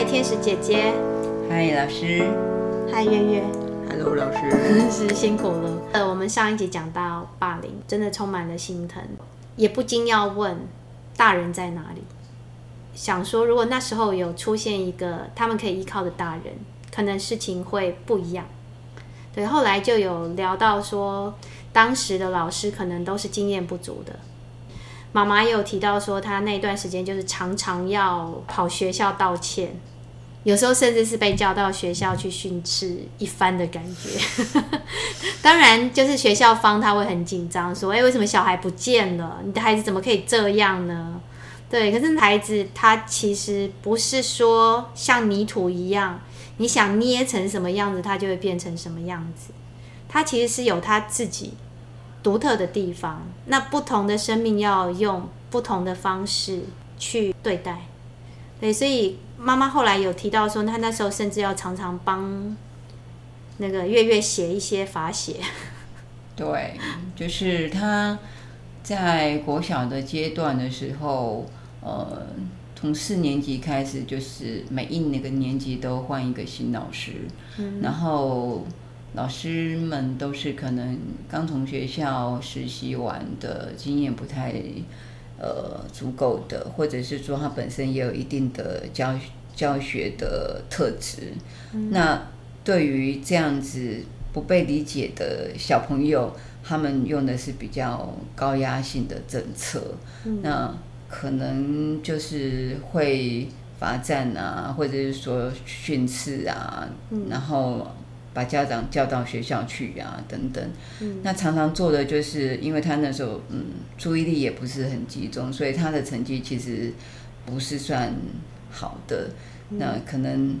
嗨，Hi, 天使姐姐！嗨，老師！嗨，月月！Hello，老師！老師 辛苦了。呃，我們上一集講到霸凌，真的充滿了心疼，也不禁要問：大人在哪裡？想說，如果那時候有出現一個他們可以依靠的大人，可能事情會不一樣。對，後來就有聊到說，當時的老師可能都是經驗不足的。媽媽也有提到說，她那段時間就是常常要跑學校道歉。有時候甚至是被叫到學校去訓斥一番的感覺。 當然，就是學校方他會很緊張，說：“誒，為什麼小孩不見了？你的孩子怎麼可以這樣呢？”對，可是孩子他其實不是說像泥土一樣，你想捏成什麼樣子，他就會變成什麼樣子。他其實是有他自己獨特的地方。那不同的生命要用不同的方式去對待。對，所以媽媽後來有提到說，她那時候甚至要常常幫那個月月寫一些罰寫。對，就是她在國小的階段的時候，呃，從四年級開始，就是每一那個年級都換一個新老師，嗯、然後老師們都是可能剛從學校實習完的經驗不太。呃，足夠的，或者是說，他本身也有一定的教教學的特質。嗯、那對於這樣子不被理解的小朋友，他們用的是比較高壓性的政策。嗯、那可能就是會罰站啊，或者是說訓斥啊，嗯、然後。把家長叫到學校去呀、啊，等等。嗯、那常常做的就是，因為他那時候嗯注意力也不是很集中，所以他的成績其實不是算好的。嗯、那可能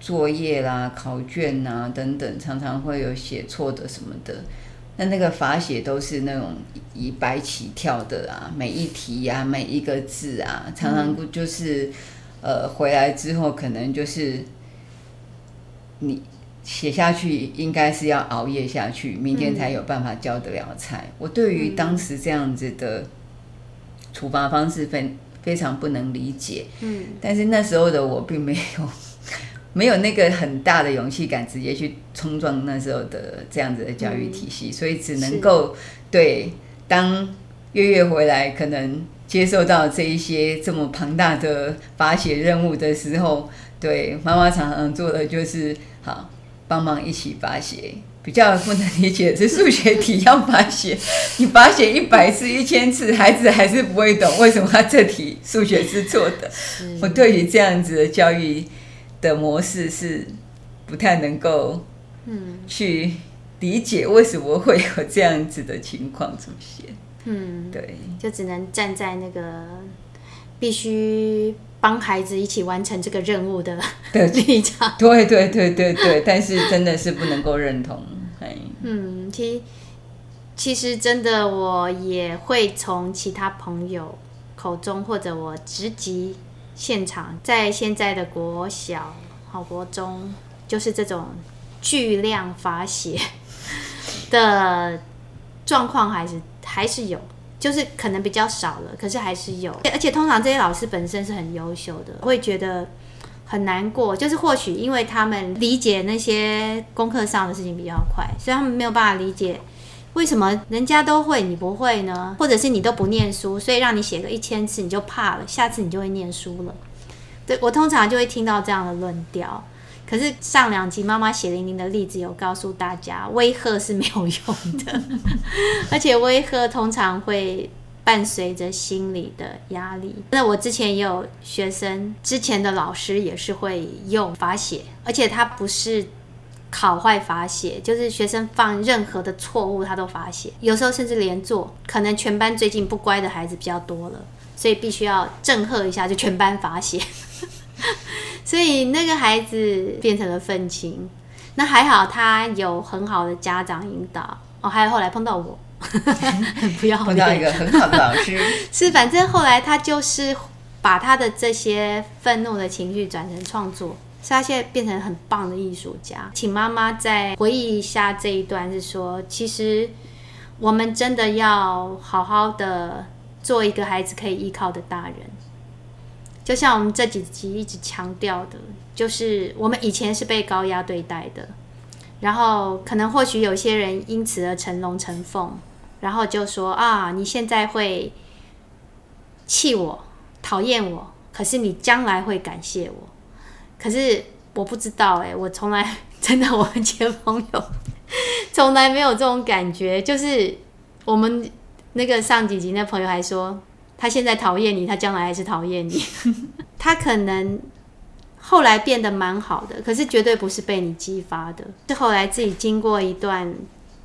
作業啦、考卷啊等等，常常會有寫錯的什麼的。那那個罰寫都是那種一百起跳的啊，每一題啊，每一個字啊，常常不就是呃回來之後可能就是你。寫下去應該是要熬夜下去，明天才有辦法交得了差。我對於當時這樣子的處罰方式非非常不能理解。嗯，但是那時候的我並沒有沒有那個很大的勇氣敢，直接去衝撞那時候的這樣子的教育體系，所以只能夠對當月月回來可能接受到這一些這麼龐大的罰寫任務的時候，對，媽媽常常做的就是好。幫忙一起罰寫，比較不能理解的是數學題要罰寫， 你罰寫一百次、一千次，孩子還是不會懂為什麼他這題數學是錯的。是我對於這樣子的教育的模式是不太能夠去理解為什麼會有這樣子的情況出現。嗯，對，就只能站在那個必須幫孩子一起完成這個任務的立場，對對對對對，但是真的是不能夠認同。嘿，嗯，其實其實真的，我也會從其他朋友口中，或者我直擊現場，在現在的國小好、國中，就是這種巨量罰寫的狀況，還是還是有。就是可能比較少了，可是還是有，而且通常這些老師本身是很優秀的，會覺得很難過。就是或許因為他們理解那些功課上的事情比較快，所以他們沒有辦法理解為什麼人家都會，你不會呢？或者是你都不念書，所以讓你寫個一千次你就怕了，下次你就會念書了。對，我通常就會聽到這樣的論調。可是上兩集媽媽血淋淋的例子有告訴大家，威嚇是沒有用的， 而且威嚇通常會伴隨着心理的壓力。那我之前也有學生，之前的老師也是會用罰寫，而且他不是考壞罰寫，就是學生犯任何的錯誤他都罰寫，有時候甚至連坐。可能全班最近不乖的孩子比較多了，所以必須要震嚇一下，就全班罰寫。 所以那個孩子變成了憤青，那還好他有很好的家長引導哦，還有後來碰到我，很不要 碰到一個很好的老師， 是反正後來他就是把他的這些憤怒的情緒轉成創作，所以他現在變成很棒的藝術家。請媽媽再回憶一下這一段，是說其實我們真的要好好的做一個孩子可以依靠的大人。就像我們這幾集一直強調的，就是我們以前是被高壓對待的，然後可能或許有些人因此而成龍成鳳，然後就說啊，你現在會氣我、討厭我，可是你將來會感謝我。可是我不知道，欸，哎，我從來真的，我們前的朋友從來沒有這種感覺。就是我們那個上幾集那朋友還說。他現在討厭你，他將來還是討厭你。 他可能後來變得蠻好的，可是絕對不是被你激發的，是後來自己經過一段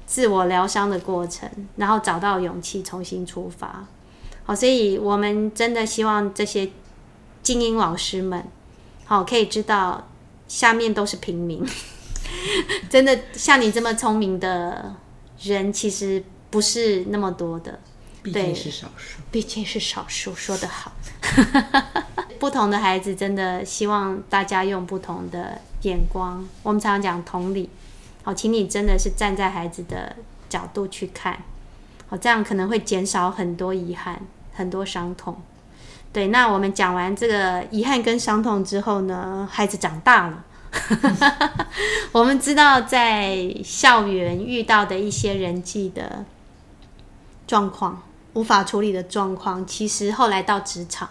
自我療傷的過程，然後找到勇氣重新出發。好，所以我們真的希望這些精英老師們，好，可以知道下面都是平民。 真的像你這麼聰明的人，其實不是那麼多的。畢竟是少數，對，畢竟是少數，說得好。 不同的孩子，真的希望大家用不同的眼光。我們常常講同理，好，請你真的是站在孩子的角度去看，好，這樣可能會減少很多遺憾、很多傷痛。對，那我們講完這個遺憾跟傷痛之後呢，孩子長大了， 我們知道在校園遇到的一些人際的狀況。無法處理的狀況，其實後來到職場，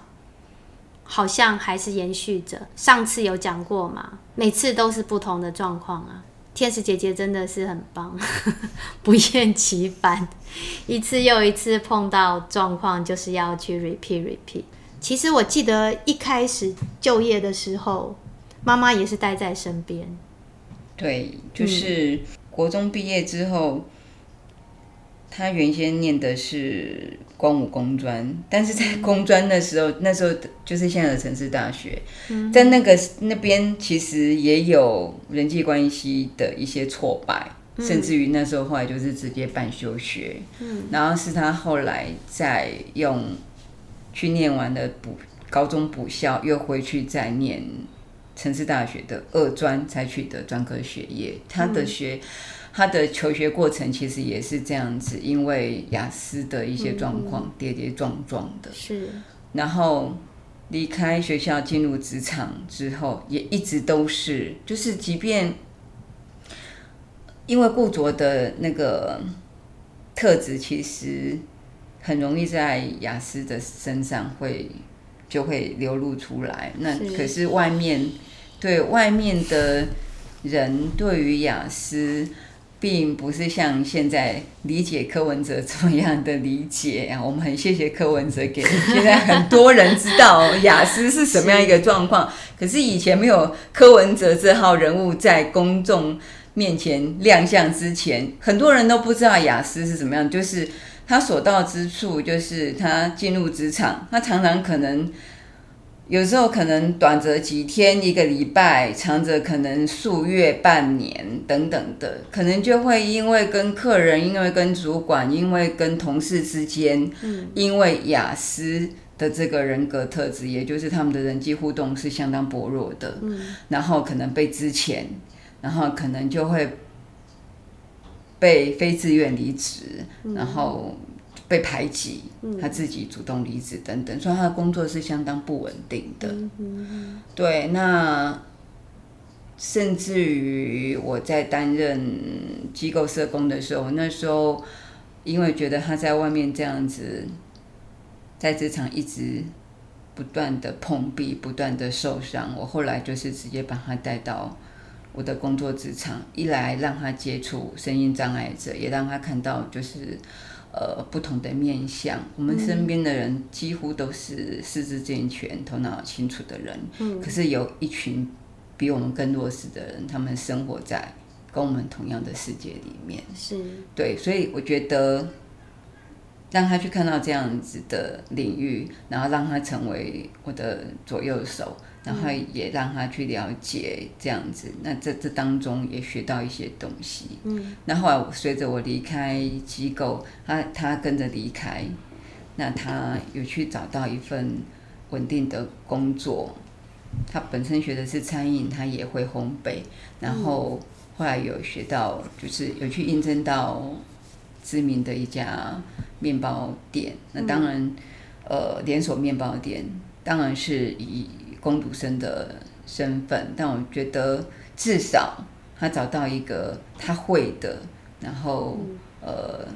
好像還是延續着。上次有講過嘛？每次都是不同的狀況啊。天使姐姐真的是很棒，呵呵不厭其煩，一次又一次碰到狀況，就是要去 repeat repeat。其實我記得一開始就業的時候，媽媽也是待在身邊。對，就是、嗯、國中畢業之後。他原先念的是光武工專，但是在工專的時候，嗯、那時候就是現在的城市大學，但、嗯、那個那邊其實也有人際關係的一些挫敗，嗯、甚至於那時候後來就是直接辦休學，嗯、然後是他後來再用去念完的補高中補校，又回去再念。城市大學的二專才取得專科學業，他的學，他的求學過程其實也是這樣子，因為亞斯的一些狀況跌跌撞撞的。是。然後離開學校進入職場之後，也一直都是，就是即便因為固著的那個特質，其實很容易在亞斯的身上會。就會流露出來。那可是外面對外面的人，對於亞斯，並不是像現在理解柯文哲這麼樣的理解啊。我們很謝謝柯文哲給，給 現在很多人知道亞斯是什麼樣一個狀況。是。可是以前沒有柯文哲這號人物在公眾面前亮相之前，很多人都不知道亞斯是怎麼樣，就是。他所到之處，就是他進入職場，他常常可能有時候可能短則幾天、一個禮拜，長則可能數月、半年等等的，可能就會因為跟客人、因為跟主管、因為跟同事之間，嗯、因為亞斯的這個人格特質，也就是他們的人際互動是相當薄弱的，嗯、然後可能被資遣，然後可能就會。被非自願離職，然後被排擠，他自己主動離職等等，所以他的工作是相當不穩定的。對，那甚至於我在擔任機構社工的時候，那時候因為覺得他在外面這樣子在職場一直不斷的碰壁，不斷的受傷，我後來就是直接把他帶到。我的工作職場一來讓他接觸身心障礙者，也讓他看到就是，呃，不同的面向。我們身邊的人、嗯、幾乎都是四肢健全、頭腦清楚的人，嗯，可是有一群比我們更弱勢的人，他們生活在跟我們同樣的世界裡面。是，對，所以我覺得讓他去看到這樣子的領域，然後讓他成為我的左右手。然後也讓他去了解這樣子，嗯、那這這當中也學到一些東西。嗯，那後來隨着我離開機構，他他跟着離開，那他有去找到一份穩定的工作。他本身學的是餐飲，他也會烘焙，然後後來有學到，就是有去應徵到知名的一家麵包店。嗯、那當然，呃，連鎖麵包店當然是以工讀生的身份，但我覺得至少他找到一個他會的，然後、嗯、呃，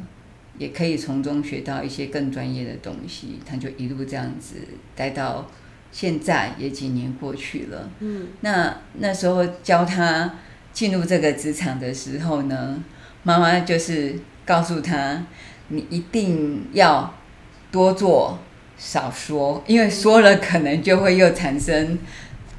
也可以從中學到一些更專業的東西。他就一路這樣子待到現在，也幾年過去了。嗯，那那時候教他進入這個職場的時候呢，媽媽就是告訴他，你一定要多做。少說，因為說了可能就會又產生，誒、嗯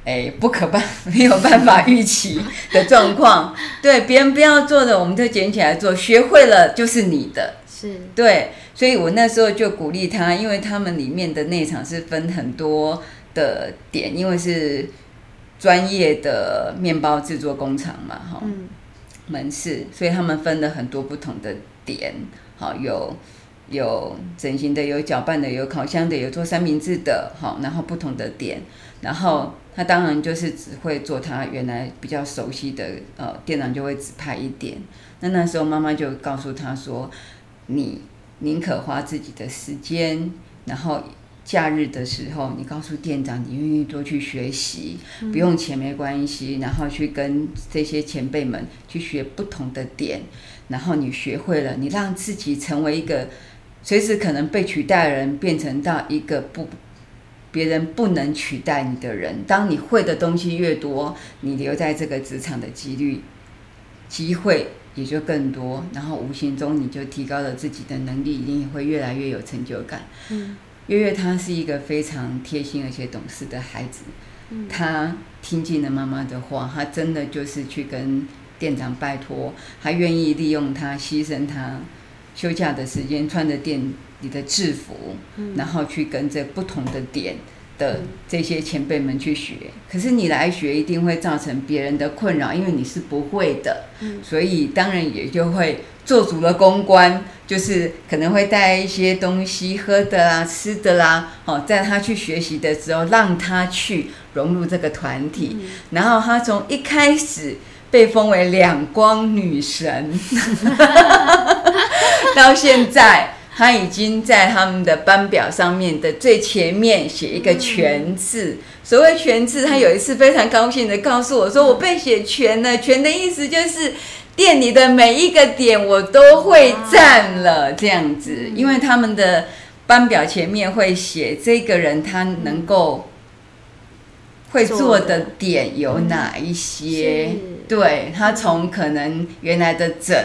欸，不可辦沒有辦法預期的狀況。 對，別人不要做的，我們就撿起來做。學會了就是你的，是對。所以我那時候就鼓勵他，因為他們裡面的內場是分很多的點，因為是專業的面包制作工廠嘛，哈、哦，嗯、門市，所以他們分了很多不同的點，好、哦、有。有整形的，有攪拌的，有烤箱的，有做三明治的，好，然後不同的點，然後他當然就是只會做他原來比較熟悉的，呃，店長就會指派一點。那那時候媽媽就告訴他說：“你寧可花自己的時間，然後假日的時候，你告訴店長你願意多去學習，不用錢沒關係，然後去跟這些前輩們去學不同的點，然後你學會了，你讓自己成為一個。”隨時可能被取代的人，變成到一個不別人不能取代你的人。當你會的東西越多，你留在這個職場的幾率、機會也就更多。然後無形中你就提高了自己的能力，一定會越來越有成就感。嗯，月月他是一個非常貼心而且懂事的孩子。嗯，他聽進了媽媽的話，他真的就是去跟店長拜託，他願意利用他、犧牲他、休假的時間，穿着店裡的制服，然後去跟着不同的點的這些前輩們去學。可是你來學，一定會造成別人的困擾，因為你是不會的。所以當然也就會做足了公關，就是可能會帶一些東西喝的啦、吃的啦。哦，在他去學習的時候，讓他去融入這個團體。然後他從一開始被封為兩光女神。 到現在，他已經在他們的班表上面的最前面寫一個“全”字。嗯、哼所謂“全”字，他有一次非常高興地告訴我說：“我被寫全了。嗯”“全”的意思就是店裡的每一個點我都會占了，這樣子。嗯、因為他們的班表前面會寫這個人他能夠會做的點有哪一些。嗯、對他從可能原來的整、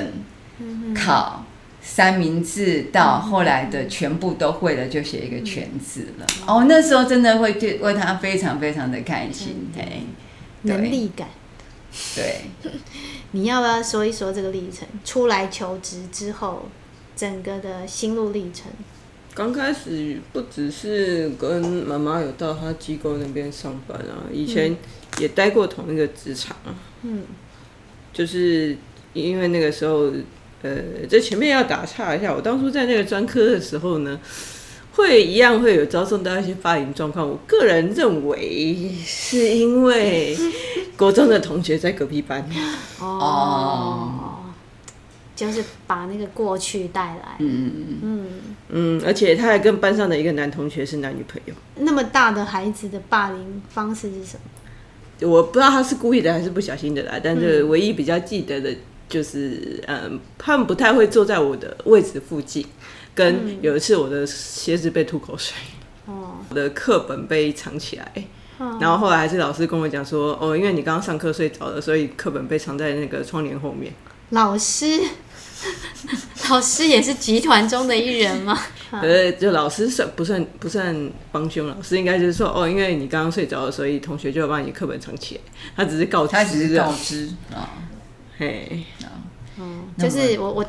嗯、哼考。三明治到後來的全部都會了，就寫一個全字了。嗯、哦，那時候真的會為他非常非常的開心。嗯嗯、對，能力感。對， 你要不要說一說這個歷程？出來求職之後，整個的心路歷程。剛開始不只是跟媽媽有到他機構那邊上班啊，以前也待過同一個職場，嗯，就是因為那個時候。呃，這前面要打岔一下，我當初在那個專科的時候呢，會一樣會有遭受到一些霸凌狀況。我個人認為是因為國中的同學在隔壁班， 哦，就是把那個過去帶來，嗯嗯嗯嗯嗯，而且他還跟班上的一個男同學是男女朋友。那麼大的孩子的霸凌方式是什麼？我不知道他是故意的還是不小心的來，但是唯一比較記得的、嗯。就是嗯，他們不太會坐在我的位置附近。跟有一次，我的鞋子被吐口水，嗯、哦，我的課本被藏起來。哦、然後後來還是老師跟我講說，哦，因為你剛剛上課睡着了，所以課本被藏在那個窗簾後面。老師，老師也是集團中的一員嗎？ 可是就老師算不算不算幫兇？老師應該就是說，哦，因為你剛剛睡着了，所以同學就把你課本藏起來。他只是告知，他只是告知啊。嗯嘿，hey, no. 嗯，就是我我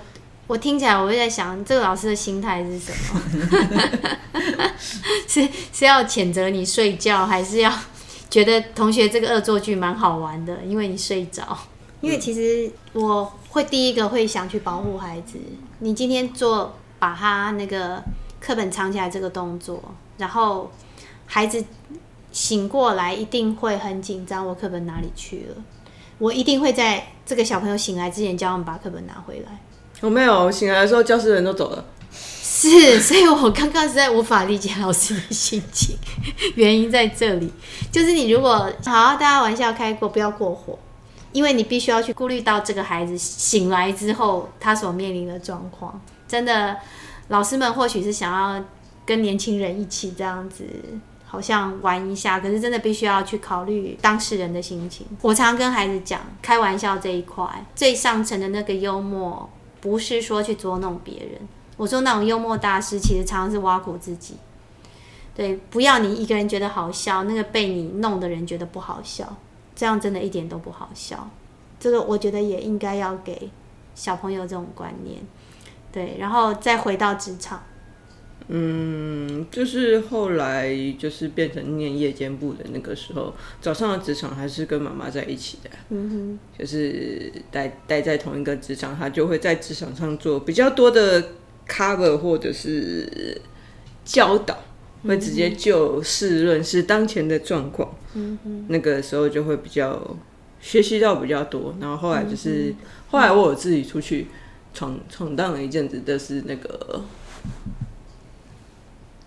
我聽起來，我在想這個老師的心態是什麼？ 是是要譴責你睡覺，還是要覺得同學這個惡作劇蠻好玩的？因為你睡着，因為其實我會第一個會想去保護孩子。嗯。你今天做把他那個課本藏起來這個動作，然後孩子醒過來一定會很緊張，我課本哪裡去了？我一定會在這個小朋友醒來之前叫他們把課本拿回來。我、oh, 沒有，我醒來的時候教室人都走了。是，所以我剛剛實在無法理解老師的心情。 原因在這裡，就是你如果好，大家玩笑開過不要過火，因為你必須要去顧慮到這個孩子醒來之後他所面臨的狀況。真的，老師們或許是想要跟年輕人一起這樣子。好像玩一下，可是真的必須要去考慮當事人的心情。我常跟孩子講，開玩笑這一塊最上層的那個幽默，不是說去捉弄別人。我說那種幽默大師，其實常常是挖苦自己。對，不要你一個人覺得好笑，那個被你弄的人覺得不好笑，這樣真的一點都不好笑。這個我覺得也應該要給小朋友這種觀念。對，然後再回到職場。嗯，就是後來就是變成念夜間部的那個時候，早上的職場還是跟媽媽在一起的。嗯哼，就是待待在同一個職場，他就會在職場上做比較多的 cover 或者是教導，嗯、哼會直接就事論事當前的狀況。嗯哼，那個時候就會比較學習到比較多，然後後來就是、嗯、哼後來我有自己出去闖闖蕩了一陣子，就是那個。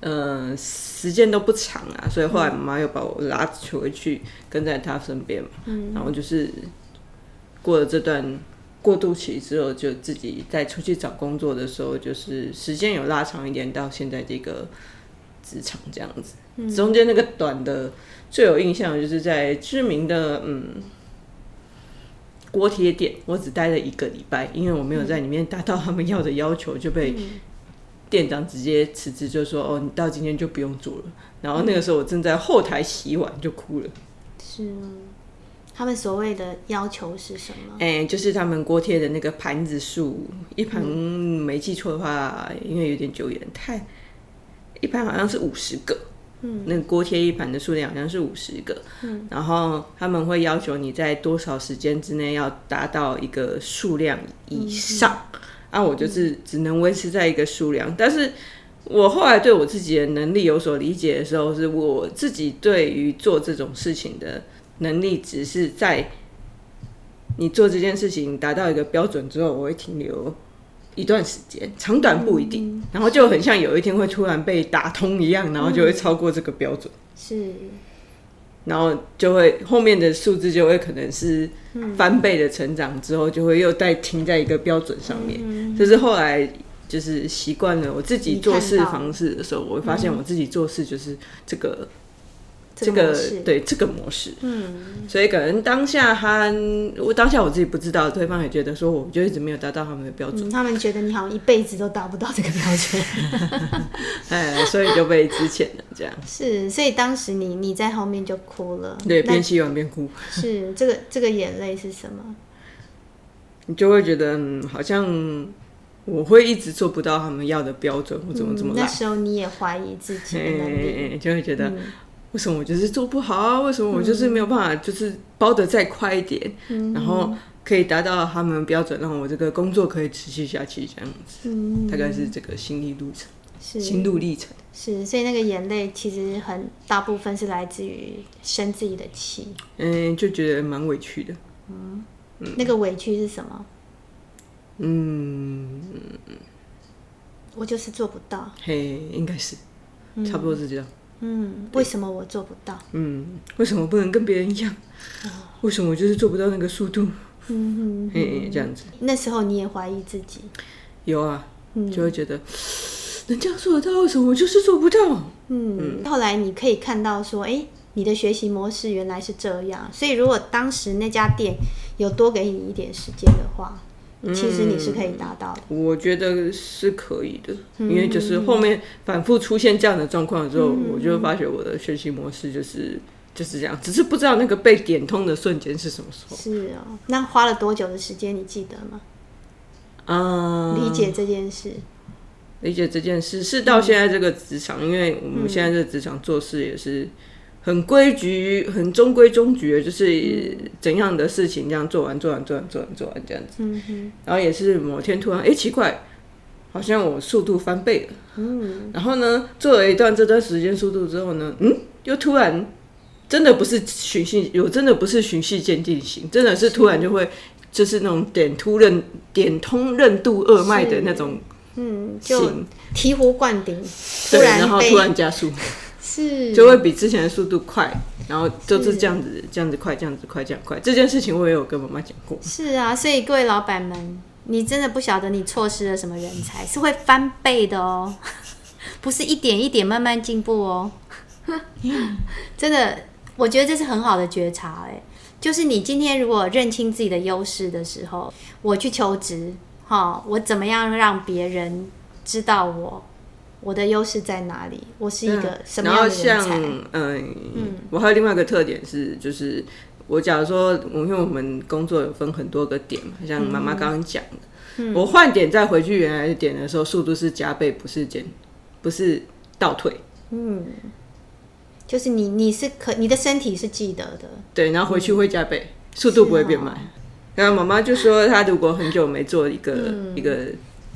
嗯，時間都不長啊，所以後來媽媽又把我拉回去跟在她身邊嘛。然後就是過了這段過渡期之後，就自己再出去找工作的時候，就是時間有拉長一點，到現在這個職場這樣子。中間那個短的最有印象，就是在知名的嗯鍋貼店，我只待了一個禮拜，因為我沒有在裡面達到他們要的要求，就被。店長直接辭職就說：“哦，你到今天就不用做了。”然後那個時候我正在後台洗碗，就哭了。嗯、是嗎？他們所謂的要求是什麼？哎、欸，就是他們鍋貼的那個盤子數，一盤沒記錯的話，嗯、因為有點久遠，太一盤好像是五十個。嗯、那個鍋貼一盤的數量好像是五十個。嗯、然後他們會要求你在多少時間之內要達到一個數量以上。嗯那、啊、我就是只能維持在一個數量，但是我後來對我自己的能力有所理解的時候，是我自己對於做這種事情的能力，只是在你做這件事情達到一個標準之後，我會停留一段時間，長短不一定，嗯、然後就很像有一天會突然被打通一樣，然後就會超過這個標準。嗯、是。然後就會後面的數字就會可能是翻倍的成長，之後就會又再停在一個標準上面。嗯，就是後來就是習慣了我自己做事方式的時候，我會發現我自己做事就是這個。這個對，這個模式，這個、模式，嗯，所以可能當下他，我當下我自己不知道，對方也覺得說，我就一直沒有達到他們的標準，嗯，他們覺得你好像一輩子都達不到這個標準，哎， 所以就被之前的這樣是，所以當時你你在後面就哭了，對，邊洗碗邊哭，是這個這個眼淚是什麼？你就會覺得、嗯、好像我會一直做不到他們要的標準，或怎麼怎麼、嗯、那時候你也懷疑自己對、欸欸欸、就會覺得。嗯為什麼我就是做不好啊？為什麼我就是沒有辦法，就是包得再快一點，嗯、然後可以達到他們標準，讓我這個工作可以持續下去這樣子？嗯、大概是這個心理路程，是心路歷程是。所以那個眼淚其實很大部分是來自於生自己的氣，嗯、欸，就覺得蠻委屈的。嗯，嗯，那個委屈是什麼？嗯嗯，我就是做不到。嘿、hey，應該是差不多是這樣。嗯嗯，為什麼我做不到？嗯，為什麼不能跟別人一樣？Oh. 為什麼我就是做不到那個速度？嗯 這樣子，那時候你也懷疑自己？有啊，嗯，就會覺得人家做得到，為什麼我就是做不到。嗯，嗯後來你可以看到說，哎、欸，你的學習模式原來是這樣，所以如果當時那家店有多給你一點時間的話。其實你是可以達到的。嗯，我覺得是可以的，嗯、因為就是後面反覆出現這樣的狀況之後，嗯、我就發覺我的學習模式就是、嗯、就是這樣，只是不知道那個被點通的瞬間是什麼時候。是哦，那花了多久的時間？你記得嗎？啊、嗯，理解這件事，理解這件事是到現在這個職場，嗯、因為我們現在這個職場做事也是。很規矩，很中規中矩，就是怎樣的事情這樣做完，做完，做完，做完，做完，這樣子。嗯、哼然後也是某天突然，哎、欸，奇怪，好像我速度翻倍了。嗯、然後呢，做了一段這段時間速度之後呢，嗯，又突然，真的不是循序，有真的不是循序漸進型，真的是突然就會，是就是那種點突認、點通任督二脈的那種。嗯。就醍醐灌頂，突然對，然後突然加速。是，就會比之前的速度快，然後就是這樣子，是這樣子快，這樣子快，這樣快。這件事情我也有跟媽媽講過。是啊，所以各位老闆們，你真的不曉得你錯失了什麼人才，是會翻倍的哦， 不是一點一點慢慢進步哦。 真的，我覺得這是很好的覺察，哎，就是你今天如果認清自己的優勢的時候，我去求職，哈、哦，我怎麼樣讓別人知道我？我的優勢在哪裡？我是一個什麼樣的人才，嗯、然後像嗯、呃，我還有另外一個特點是，嗯、就是我假如說，因為我們工作有分很多個點嘛，像媽媽剛剛講的，嗯、我換點再回去原來的點的時候，速度是加倍，不是減，不是倒退。嗯，就是你你是可，你的身體是記得的。對，然後回去會加倍，嗯，速度不會變慢。哦、然後媽媽就說，她如果很久沒做一個、嗯、一個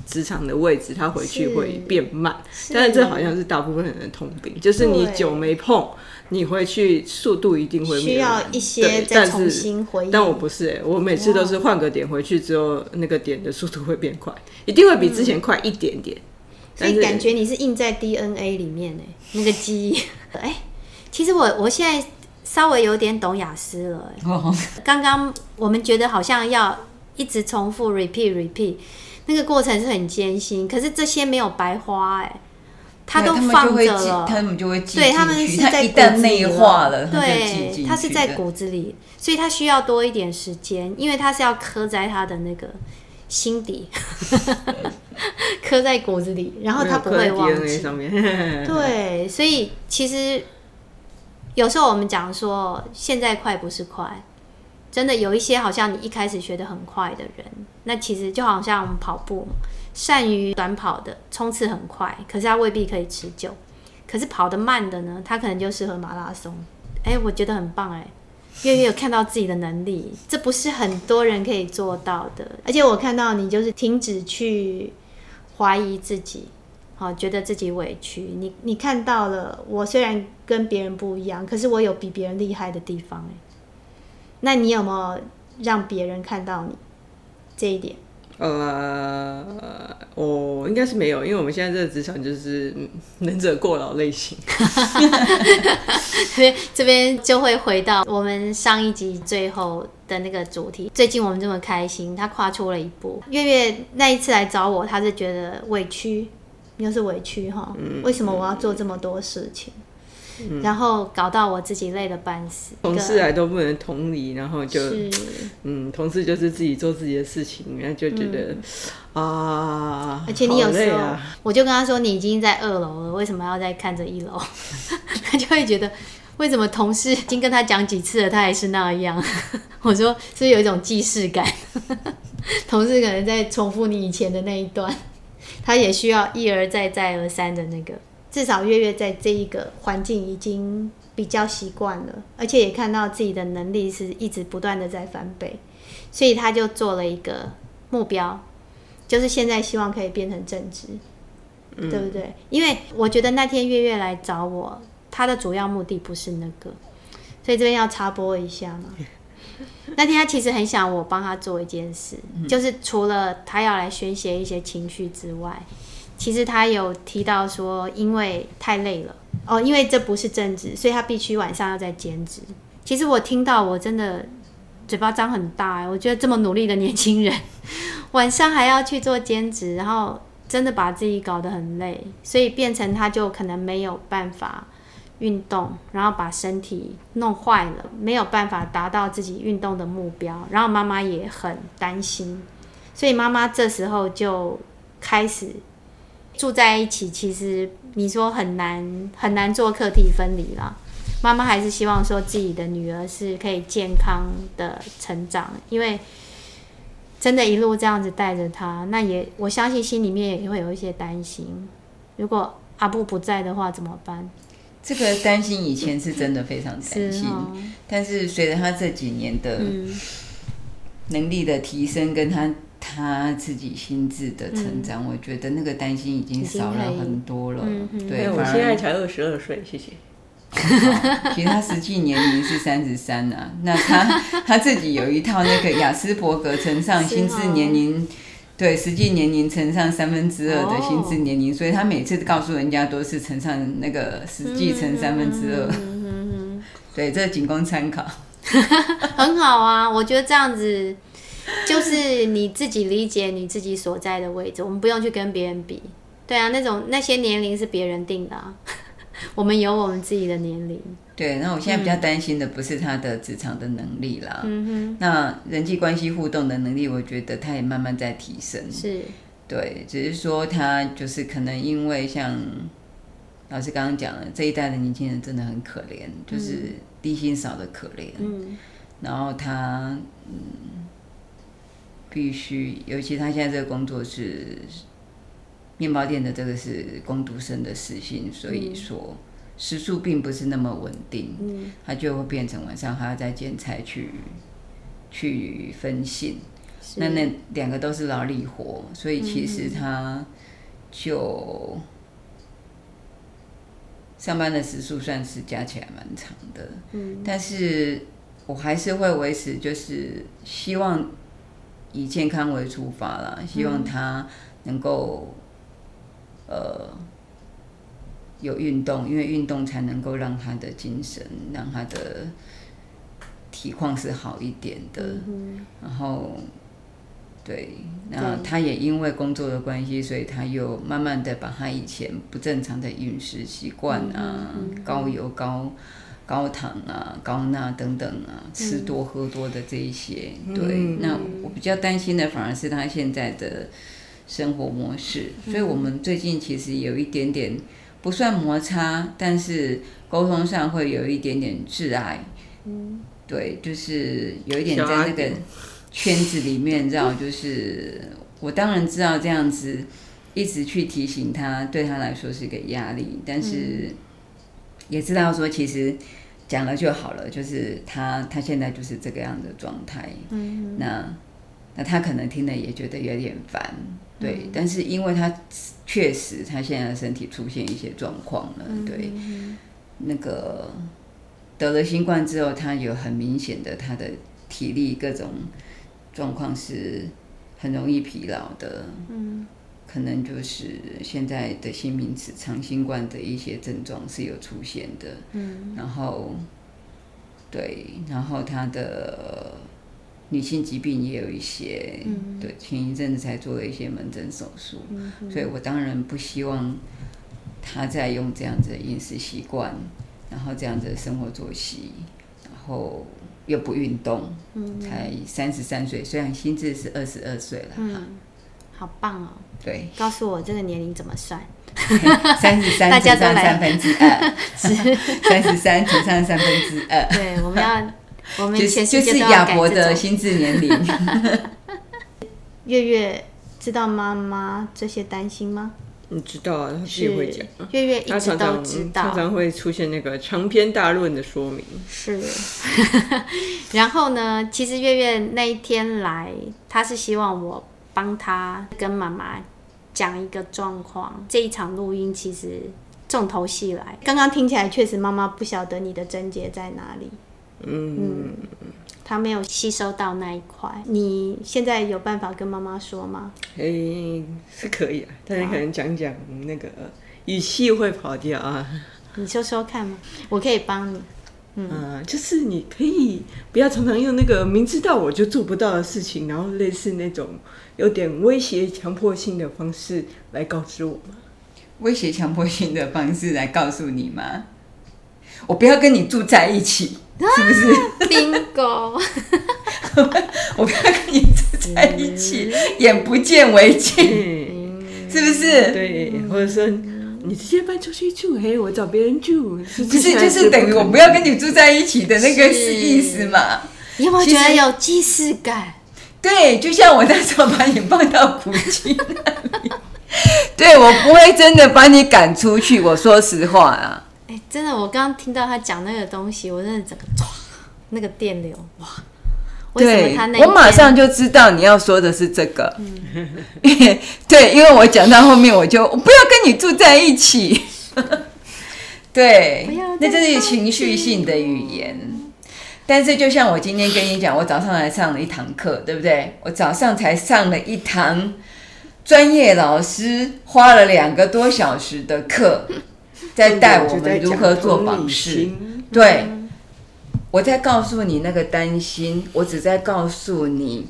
職場的位置，他回去會變慢，是，但是這好像是大部分人的通病，是，就是你久沒碰，對你回去速度一定會慢。需要一些再重新回應，但，但我不是哎、欸，我每次都是換個點回去之後，那個點的速度會變快，哇一定會比之前快一點點。嗯、是所以感覺你是印在 DNA 裡面呢、欸？那個基因、 欸、其實我我現在稍微有點懂雅思了、欸。剛剛、哦、我們覺得好像要一直重複 repeat repeat。那個過程是很艱辛，可是這些沒有白花、欸，哎，他都放着了他，他們就會對他們是在一旦內化了，對他，的他是在骨子裡，所以他需要多一點時間，因為他是要刻在他的那個心底， 刻在骨子裡，然後他不會忘記。上 對，所以其實有時候我們講說，現在快不是快。真的有一些好像你一開始學得很快的人，那其實就好像跑步，善於短跑的衝刺很快，可是他未必可以持久。可是跑得慢的呢，他可能就適合馬拉松。欸，我覺得很棒欸，月月有看到自己的能力，這不是很多人可以做到的。而且我看到你就是停止去懷疑自己，好，覺得自己委屈。你你看到了，我雖然跟別人不一樣，可是我有比別人厲害的地方欸。那你有沒有讓別人看到你這一點？呃我、呃哦、應該是沒有，因為我們現在這個職場就是能者過勞類型。 所以這邊就會回到我們上一集最後的那個主題。最近我們這麼開心，他跨出了一步。月月那一次來找我，他是覺得委屈，又、就是委屈哈。嗯、為什麼我要做這麼多事情？嗯、然後搞到我自己累得半死，同事來都不能同理，這個、然後就，是嗯，同事就是自己做自己的事情，嗯、然後就覺得、嗯、啊，而且你有時候，啊、我就跟他說，你已經在二樓了，為什麼要再看這一樓？ 他就會覺得為什麼同事已經跟他講幾次了，他還是那樣？ 我說是，是有一種既視感， 同事可能在重複你以前的那一段，他也需要一而再再而三的那個。至少月月在這一個環境已經比較習慣了，而且也看到自己的能力是一直不斷的在翻倍，所以他就做了一個目標，就是現在希望可以變成正職，嗯、對不對？因為我覺得那天月月來找我，他的主要目的不是那個，所以這邊要插播一下嘛。那天他其實很想我幫他做一件事，就是除了他要來宣泄一些情緒之外。其實他有提到說，因為太累了哦，因為這不是正職，所以他必須晚上要再兼職。其實我聽到，我真的嘴巴張很大，我覺得這麼努力的年輕人，晚上還要去做兼職，然後真的把自己搞得很累，所以變成他就可能沒有辦法運動，然後把身體弄壞了，沒有辦法達到自己運動的目標。然後媽媽也很擔心，所以媽媽這時候就開始。住在一起，其實你說很難很難做課題分離啦。媽媽還是希望說自己的女兒是可以健康的成長，因為真的一路這樣子帶着她。那也我相信心裡面也會有一些擔心。如果阿布不在的話怎麼辦？這個擔心以前是真的非常擔心，是哦？但是隨着他這幾年的能力的提升，跟他。他自己心智的成長，嗯、我覺得那個擔心已經少了很多了。嗯嗯、對而我現在才二十二歲，謝謝。 其實他實際年齡是三十三啊。那他他自己有一套那個亞斯伯格乘上心智年齡，話對，實際年齡乘上三分之二的心智年齡，哦、所以他每次告訴人家都是乘上那個實際乘三分之二。嗯嗯嗯嗯嗯、對，這僅供參考。很好啊，我覺得這樣子。 就是你自己理解你自己所在的位置，我們不用去跟別人比，對啊，那種那些年齡是別人定的，啊， 我們有我們自己的年齡。對，那我現在比較擔心的不是他的職場的能力啦，嗯哼，那人際關係互動的能力，我覺得他也慢慢在提升，是，對，只是說他就是可能因為像老師剛剛講了，這一代的年輕人真的很可憐，嗯、就是低薪少的可憐，嗯，然後他，嗯。必須，尤其他現在這個工作是麵包店的，這個是工讀生的實習，所以說時數並不是那麼穩定，嗯、他就會變成晚上還要再剪裁去去分信，是那那兩個都是勞力活，所以其實他就、嗯、上班的時數算是加起來蠻長的，嗯、但是我還是會維持，就是希望以健康為出發啦，希望他能夠，呃，有運動，因為運動才能夠讓他的精神、讓他的體況是好一點的。嗯、哼然後，對，那他也因為工作的關係，對所以他又慢慢的把他以前不正常的飲食習慣啊，嗯、哼高油高。高糖啊、高鈉等等啊，吃多喝多的這一些，嗯、對。那我比較擔心的反而是他現在的生活模式，所以我們最近其實有一點點不算摩擦，但是溝通上會有一點點窒礙。嗯、對，就是有一點在那個圈子裡面，知道就是我當然知道這樣子一直去提醒他，對他來說是一個壓力，但是。也知道說，其實講了就好了，就是他他現在就是這個樣的狀態。嗯，那那他可能聽了也覺得有點煩，對。嗯、但是因為他確實他現在身體出現一些狀況了，嗯、對。那個得了新冠之後，他有很明顯的他的體力各種狀況是很容易疲勞的。嗯。可能就是現在的新名詞“長新冠”的一些症狀是有出現的，嗯，然後對，然後他的女性疾病也有一些，嗯、對，前一陣子才做了一些門診手術，嗯、哼所以我當然不希望他再用這樣子的飲食習慣，然後這樣子的生活作息，然後又不運動，才三十三歲，嗯、雖然心智是二十二歲了，哈、嗯。好棒哦！對，告訴我這個年齡怎麼算？ 大家就 三十三減上三分之二，是三十三減十三分之二。對，我們要我們之前要改這就是亞、就是、伯的心智年齡。 月月知道媽媽這些擔心嗎？你知道啊，他自己會講。是，月月一直都知道，她常常會出現那個長篇大論的說明。是， 然後呢？其實月月那一天來，他是希望我。幫他跟媽媽講一個狀況，這一場錄音其實重頭戲來。剛剛聽起來確實媽媽不曉得你的症結在哪裡，嗯，嗯，他沒有吸收到那一塊。你現在有辦法跟媽媽說嗎？欸，是可以啊，但你可能講講那個語氣會跑掉啊。 你說說看嗎？我可以幫你。嗯、呃，就是你可以不要常常用那個明知道我就做不到的事情，然後類似那種有點威脅強迫性的方式來告知我嗎？威脅強迫性的方式來告訴你嗎？我不要跟你住在一起，啊，是不是？Bingo！ 我不要跟你住在一起，嗯、眼不見為淨，嗯嗯，是不是？對，或者說。你直接搬出去住，嘿，我找別人住，是不是，不是就是等於我不要跟你住在一起的那個意思嘛？你有沒有覺得有既視感，對，就像我那時候把你放到古井那裡 對，我不會真的把你趕出去。我說實話啊，哎、欸，真的，我剛剛聽到他講那個東西，我真的整個那個電流哇！對，我馬上就知道你要說的是這個。嗯、 對，因為我講到後面，我就我不要跟你住在一起。 對，哎、真那這是情緒性的語言。但是，就像我今天跟你講，我早上才上了一堂課，對不對？我早上才上了一堂專業老師花了兩個多小時的課，在帶我們如何做榜式。對。我在告訴你那個擔心，我只在告訴你，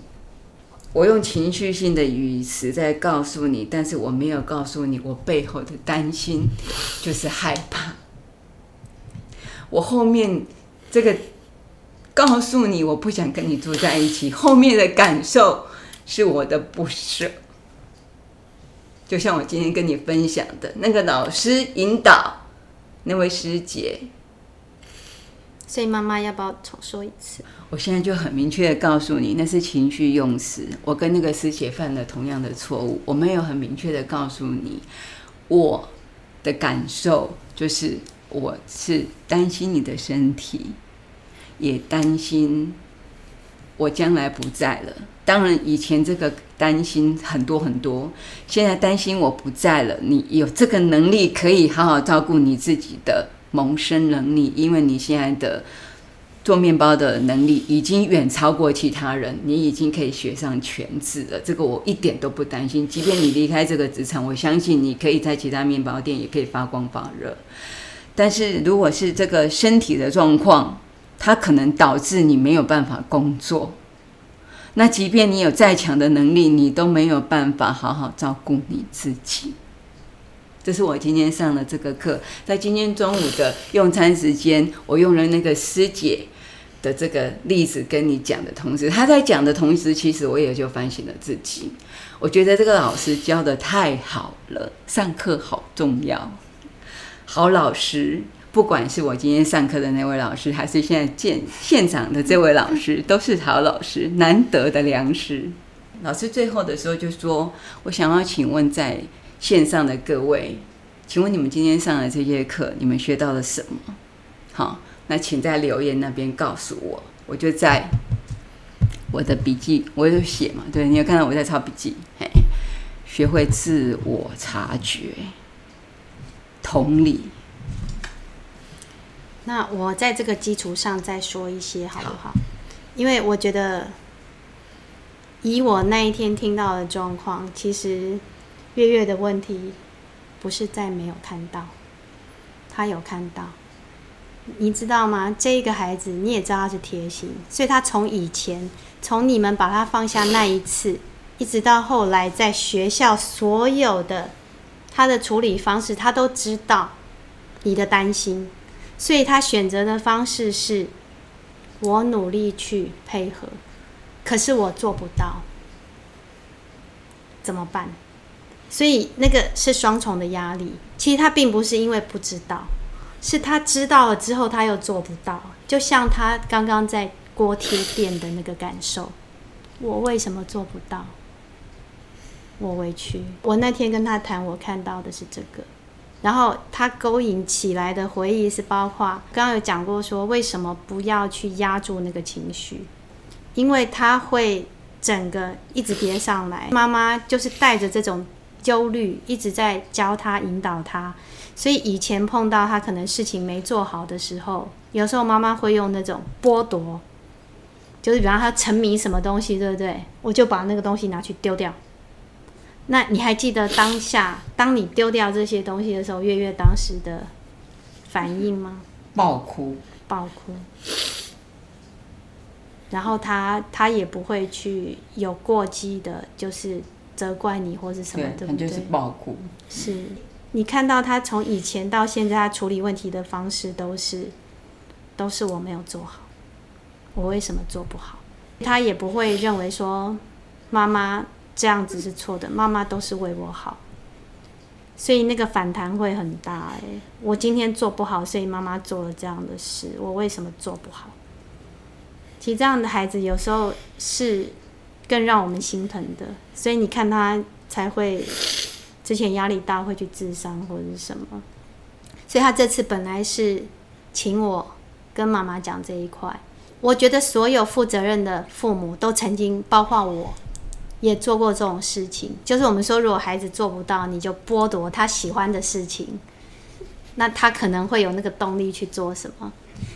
我用情緒性的語詞在告訴你，但是我沒有告訴你我背後的擔心，就是害怕。我後面這個告訴你，我不想跟你住在一起，後面的感受是我的不捨。就像我今天跟你分享的那個老師引導那位師姐。所以媽媽要不要重說一次？我現在就很明確的告訴你，那是情緒用詞。我跟那個師姐犯了同樣的錯誤。我沒有很明確的告訴你，我的感受就是我是擔心你的身體，也擔心我將來不在了。當然以前這個擔心很多很多，現在擔心我不在了，你有這個能力可以好好照顧你自己的。謀生能力，因為你現在的做麵包的能力已經遠超過其他人，你已經可以學上全職了，這個我一點都不擔心。即便你離開這個職場，我相信你可以在其他麵包店也可以發光發熱。但是如果是這個身體的狀況，它可能導致你沒有辦法工作。那即便你有再強的能力，你都沒有辦法好好照顧你自己。這是我今天上的這個課，在今天中午的用餐時間，我用了那個師姐的這個例子跟你講的同時，她在講的同時，其實我也就反省了自己。我覺得這個老師教得太好了，上課好重要，好老師。不管是我今天上課的那位老師，還是現在見現場的這位老師，都是好老師，難得的良師。老師最後的時候就說：“我想要請問，在。”線上的各位，請問你們今天上的這些課，你們學到了什麼？好，那請在留言那邊告訴我，我就在我的筆記，我就寫嘛。對，你有看到我在抄筆記。嘿，學會自我察覺，同理。那我在這個基礎上再說一些好不好？好，因為我覺得，以我那一天聽到的狀況，其實。月月的問題不是在沒有看到，他有看到，你知道嗎？這個孩子你也知道他是貼心，所以他從以前從你們把他放下那一次，一直到後來在學校所有的他的處理方式，他都知道你的擔心，所以他選擇的方式是，我努力去配合，可是我做不到，怎麼辦？所以那個是雙重的壓力，其實他並不是因為不知道，是他知道了之後他又做不到。就像他剛剛在鍋貼店的那個感受，我為什麼做不到？我委屈。我那天跟他談，我看到的是這個，然後他勾引起來的回憶是包括剛剛有講過，說為什麼不要去壓住那個情緒，因為他會整個一直憋上來。媽媽就是帶着這種。焦慮一直在教他引導他，所以以前碰到他可能事情沒做好的時候，有時候媽媽會用那種剝奪，就是比方說他沉迷什麼東西，對不對？我就把那個東西拿去丟掉。那你還記得當下，當你丟掉這些東西的時候，月月當時的反應嗎？爆哭，爆哭。然後他他也不會去有過激的，就是。責怪你或者什麼，對，對不對？是，是你看到他從以前到現在，他處理問題的方式都是，都是我沒有做好，我為什麼做不好？他也不會認為說，媽媽這樣子是錯的，媽媽都是為我好，所以那個反彈會很大、欸。我今天做不好，所以媽媽做了這樣的事，我為什麼做不好？其實這樣的孩子有時候是。更讓我們心疼的，所以你看他才會之前壓力大會去自傷或者是什麼，所以他這次本來是請我跟媽媽講這一塊。我覺得所有負責任的父母都曾經，包括我也做過這種事情，就是我們說如果孩子做不到，你就剝奪他喜歡的事情，那他可能會有那個動力去做什麼。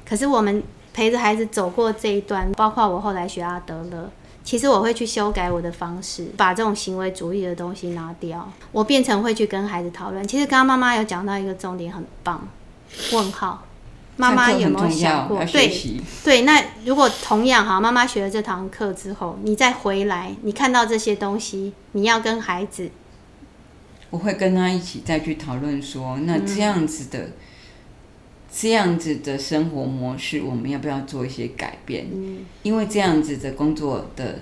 可是我們陪着孩子走過這一段，包括我後來學阿德勒。其實我會去修改我的方式，把這種行為主義的東西拿掉。我變成會去跟孩子討論。其實剛剛媽媽有講到一個重點，很棒。問號，媽媽有沒有想過？學習，對，對，那如果同樣哈，媽媽學了這堂課之後，你再回來，你看到這些東西，你要跟孩子，我會跟他一起再去討論說，那這樣子的。嗯這樣子的生活模式，我們要不要做一些改變？嗯，因為這樣子的工作的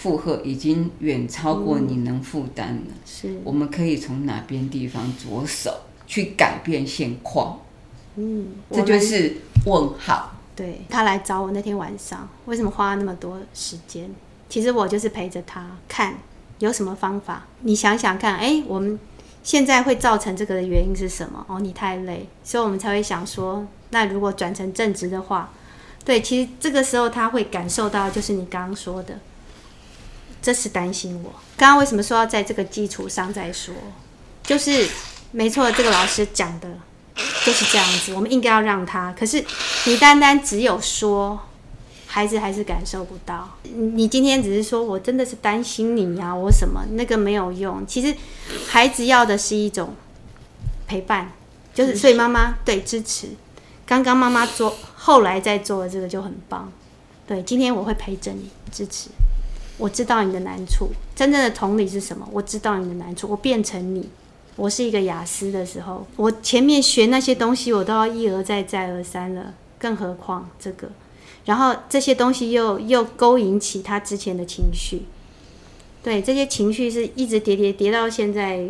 負荷已經遠超過你能負擔了，嗯。是，我們可以從哪邊地方着手去改變現況？嗯，這就是問號。對，他來找我那天晚上，為什麼花了那麼多時間？其實我就是陪着他看有什麼方法。你想想看，哎、欸，我們。現在會造成這個的原因是什麼？哦，你太累，所以我們才會想說，那如果轉成正職的話，對，其實這個時候他會感受到，就是你剛剛說的，這是擔心我。剛剛為什麼說要在這個基礎上再說？就是沒錯，這個老師講的就是這樣子，我們應該要讓他。可是你單單只有說。孩子還是感受不到。你今天只是說，我真的是擔心你呀、啊，我什麼那個沒有用。其實孩子要的是一種陪伴，就是所以媽媽對支持。剛剛媽媽做，後來再做了這個就很棒。對，今天我會陪着你支持。我知道你的難處，真正的同理是什麼？我知道你的難處，我變成你，我是一個雅思的時候，我前面學那些東西，我都要一而再再而三了，更何況這個。然後這些東西又又勾引起他之前的情緒。對，這些情緒是一直疊疊疊到現在，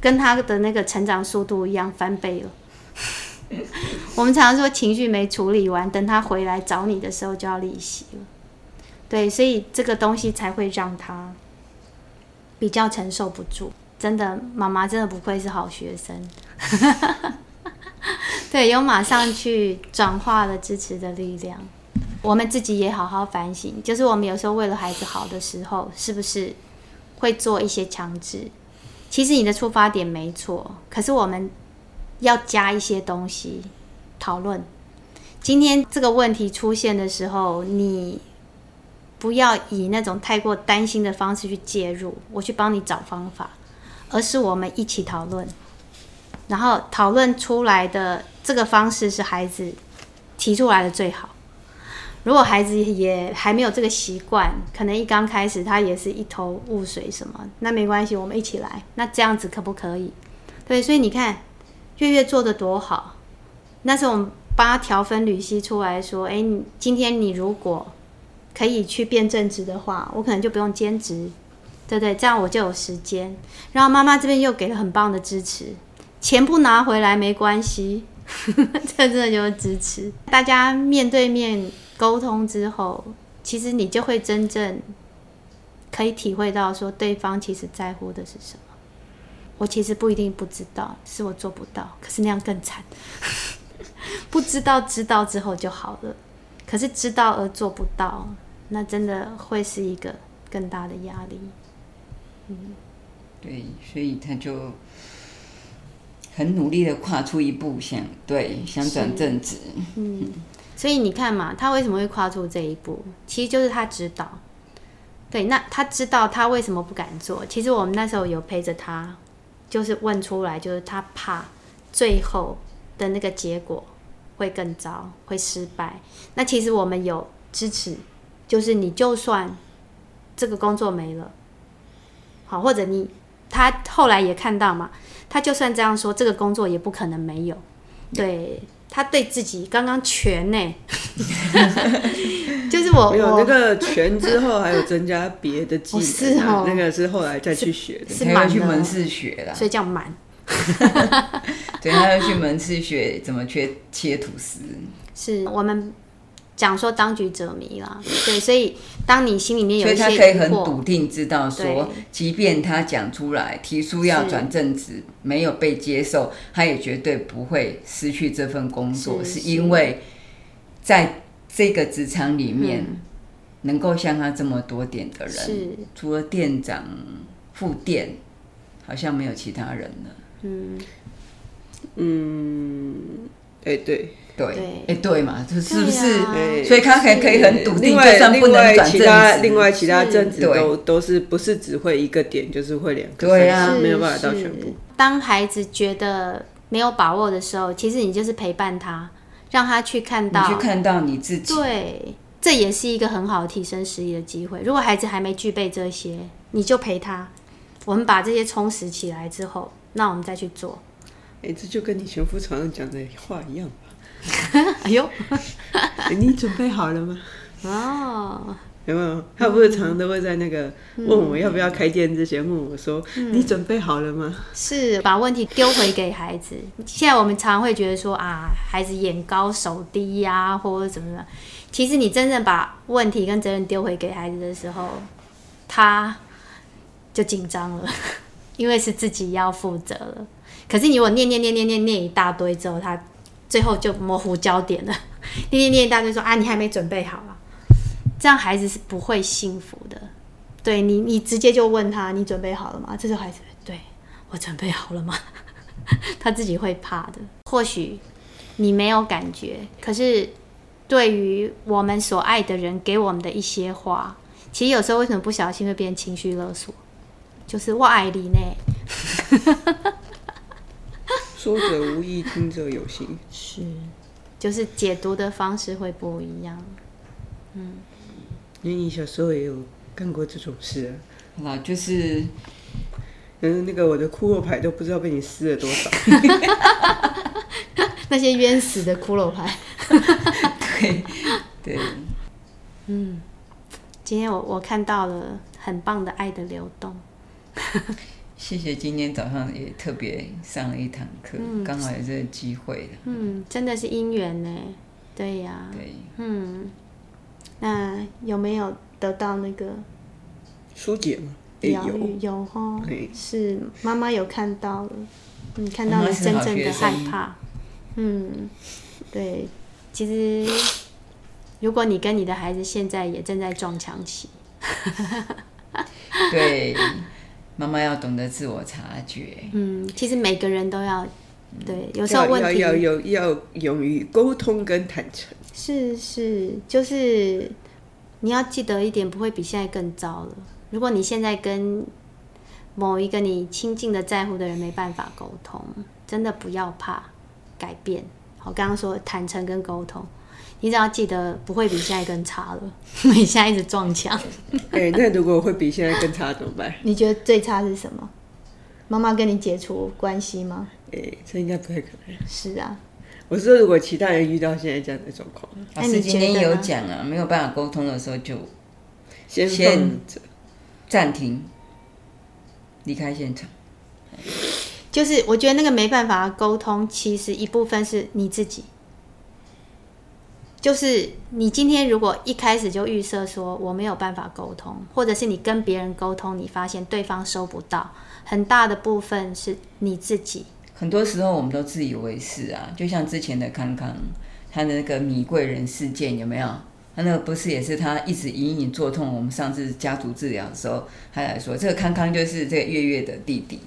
跟他的那個成長速度一樣翻倍了。 我們常常說情緒沒處理完，等他回來找你的時候就要利息了。對，所以這個東西才會讓他比較承受不住。真的，媽媽真的不愧是好學生。 對，有馬上去轉化了支持的力量。我們自己也好好反省，就是我們有時候為了孩子好的時候，是不是會做一些強制？其實你的出發點沒錯，可是我們要加一些東西討論。今天這個問題出現的時候，你不要以那種太過擔心的方式去介入，我去幫你找方法，而是我們一起討論。然後討論出來的這個方式是孩子提出來的最好。如果孩子也還沒有這個習慣，可能一剛開始他也是一頭霧水什麼，那沒關係，我們一起來。那這樣子可不可以？對，所以你看月月做得多好，那是我們幫他條分縷析出來說，哎，今天你如果可以去變正職的話，我可能就不用兼職，對不對？這樣我就有時間。然後媽媽這邊又給了很棒的支持。錢不拿回來沒關係， 這真的就是支持。大家面對面溝通之後，其實你就會真正可以體會到，說對方其實在乎的是什麼。我其實不一定不知道，是我做不到，可是那樣更慘。 不知道知道之後就好了，可是知道而做不到，那真的會是一個更大的壓力。嗯，對，所以他就很努力地跨出一步，想，對，想轉正職，嗯，嗯，所以你看嘛，他為什麼會跨出這一步？其實就是他知道，對，那他知道他為什麼不敢做。其實我們那時候有陪着他，就是問出來，就是他怕最後的那個結果會更糟，會失敗。那其實我們有支持，就是你就算這個工作沒了，好，或者你他後來也看到嘛。他就算這樣說，這個工作也不可能沒有。對，他對自己剛剛全呢、欸， 就是我有我那個全之後還有增加別的技能，啊， 是齁那個是後來再去學的，他要去門市學的，所以叫滿。對， 他要去門市學怎麼切切吐司，是我們。講說當局者迷啦，對，所以當你心裡面有，所以他可以很篤定知道說，即便他講出來提出要轉正職沒有被接受，他也絕對不會失去這份工作，是因為在這個職場裡面，能夠像他這麼多點的人，除了店長、副店，好像沒有其他人了他人，嗯。嗯嗯，哎、欸，對。對，哎對、欸，對嘛，是不是？啊、所以他還可，是可以很篤定，對就算不能轉正對，另外其他另外其他都是都是不是只會一個點，就是會兩個。對啊，沒有辦法到全部。當孩子覺得沒有把握的時候，其實你就是陪伴他，讓他去看到，去看到你自己。對，這也是一個很好的提升實力的機會。如果孩子還沒具備這些，你就陪他。我們把這些充實起來之後，那我們再去做。哎、欸，這就跟你前夫常常講的話一樣。 哎呦、 欸，你準備好了嗎？哦，oh, 有沒有，他不是常常都會在那個問我要不要開電視之前問我說、嗯、你準備好了嗎？是把問題丟回給孩子。 現在我們常常會覺得說啊，孩子眼高手低啊，或者怎麼樣。其實你真正把問題跟責任丟回給孩子的時候，他就緊張了，因為是自己要負責了。可是你我念念念念念念一大堆之後，他。最後就模糊焦點了。念念念一大堆，說：“啊，你還沒準備好了啊。”這樣孩子是不會幸福的。對你，你直接就問他：“你準備好了嗎？”這時候孩子，對我準備好了嗎？他自己會怕的。或許你沒有感覺，可是對於我們所愛的人給我們的一些話，其實有時候為什麼不小心會變成情緒勒索？就是我愛你呢。 說者無意，聽者有心。是，就是解讀的方式會不一樣。嗯，因為你小時候也有幹過這種事啊？啊，就是，嗯，那個我的骷髏牌都不知道被你撕了多少。 那些冤死的骷髏牌。對 對，對嗯，今天我我看到了很棒的《愛的流動。》 謝謝，今天早上也特別上了一堂課，剛、嗯、好有這個機會的。嗯，真的是姻緣呢、欸，對呀、啊。對。嗯，那有沒有得到那個疏解嗎？欸、有有哈、哦？欸、是媽媽有看到了，你、嗯、看到了真正的害怕。媽媽嗯，對。其實，如果你跟你的孩子現在也正在撞牆期， 對。媽媽要懂得自我察覺。嗯，其實每個人都要，對，嗯、有時候問題要要，要勇於溝通跟坦誠。是是，就是你要記得一點，不會比現在更糟了。如果你現在跟某一個你親近的、在乎的人沒辦法溝通，真的不要怕改變。我剛剛說坦誠跟溝通。你只要記得不會比現在更差了，你現在一直撞牆。哎、欸，那如果我會比現在更差怎麼辦？ 你覺得最差是什麼？媽媽跟你解除關係嗎？哎、欸，這應該不太可能。是啊，我是說如果其他人遇到現在這樣的狀況，那、啊、師今天有講啊，嗯、沒有辦法溝通的時候就先暫停，離開現場。就是我覺得那個沒辦法溝通，其實一部分是你自己。就是你今天如果一開始就預設說我沒有辦法溝通，或者是你跟別人溝通，你發現對方收不到，很大的部分是你自己。很多時候我們都自以為是啊，就像之前的康康，他的那個米貴人事件有沒有？他那個不是也是他一直隱隱作痛？我們上次家族治療的時候，他來說這個康康就是這個月月的弟弟。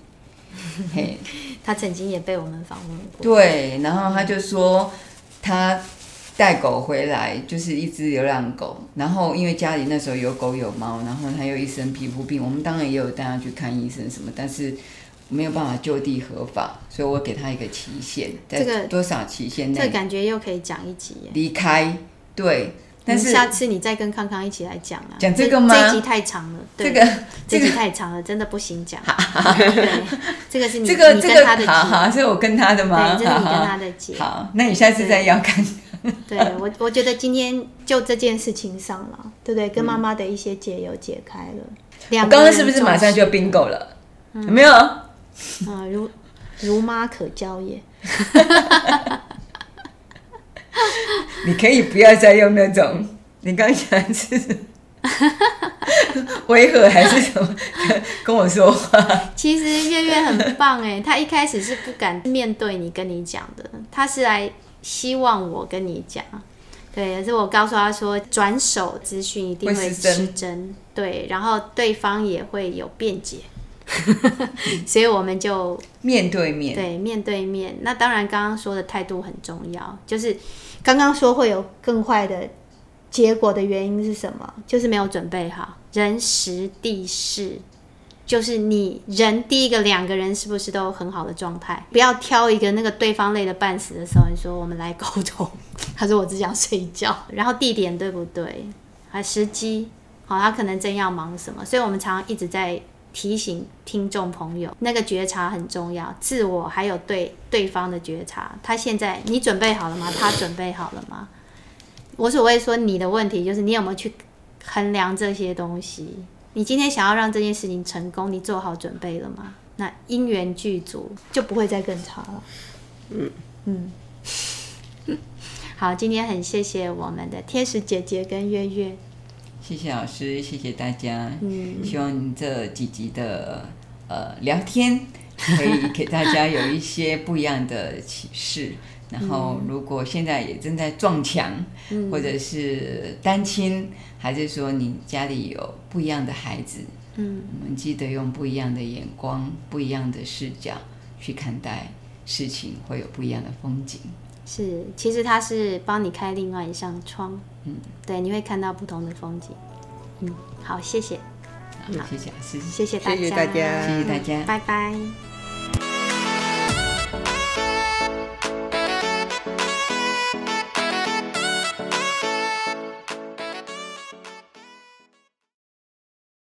嘿， 他曾經也被我們訪問過。對，然後他就說他。帶狗回來，就是一隻流浪狗，然後因為家裡那時候有狗有貓，然後它有一身皮膚病，我們當然也有帶它去看醫生什麼，但是沒有辦法就地合法，所以我給它一個期限，在這個多少期限內，這個感覺又可以講一集。離開。對，但是下次你再跟康康一起來講啊，講這個嗎？這集太長了，這個這集太長了，真的不行講。這個是你，這個，你跟他的集，好好，這是我跟他的嗎？對，這是你跟他的集。好，那你下次再要看。 對我，我覺得今天就這件事情上了，對不對？跟媽媽的一些結又解開了。嗯、兩個我剛剛是不是馬上就 bingo 了？有、嗯、沒有啊？啊，如如媽可教也。 你可以不要再用那種，你剛才是回嚇還是什麼 跟我說話？其實月月很棒哎， 她一開始是不敢面對你跟你講的，她是來。希望我跟你講，對，是我告訴他說，轉手資訊一定會失真，對，然後對方也會有辯解， 所以我們就面對面，對，面對面。那當然，剛剛說的態度很重要，就是剛剛說會有更壞的結果的原因是什麼？就是沒有準備好人時地勢。就是你人第一個兩個人是不是都有很好的狀態？不要挑一個那個對方累的半死的時候，你說我們來溝通。他說我只想睡覺。 然後地點對不對？還、啊、時機好、哦，他可能真要忙什麼。所以我們常常一直在提醒聽眾朋友，那個覺察很重要，自我還有對對方的覺察。他現在你準備好了嗎？他準備好了嗎？我所謂說你的問題就是你有沒有去衡量這些東西？你今天想要讓這件事情成功，你做好準備了嗎？那因緣具足就不會再更差了。嗯嗯，好，今天很謝謝我們的天使姐姐跟月月，謝謝老師，謝謝大家。嗯，希望這幾集的呃聊天可以給大家有一些不一樣的啟示。 然後，如果現在也正在撞牆，嗯、或者是單親，還是說你家裡有不一樣的孩子，嗯，我們記得用不一樣的眼光、不一樣的視角去看待事情，會有不一樣的風景。是，其實他是幫你開另外一扇窗。嗯，對，你會看到不同的風景。嗯，好，謝謝。好，好謝謝老師，謝謝，謝謝大家，謝謝大家，謝謝大家，拜拜。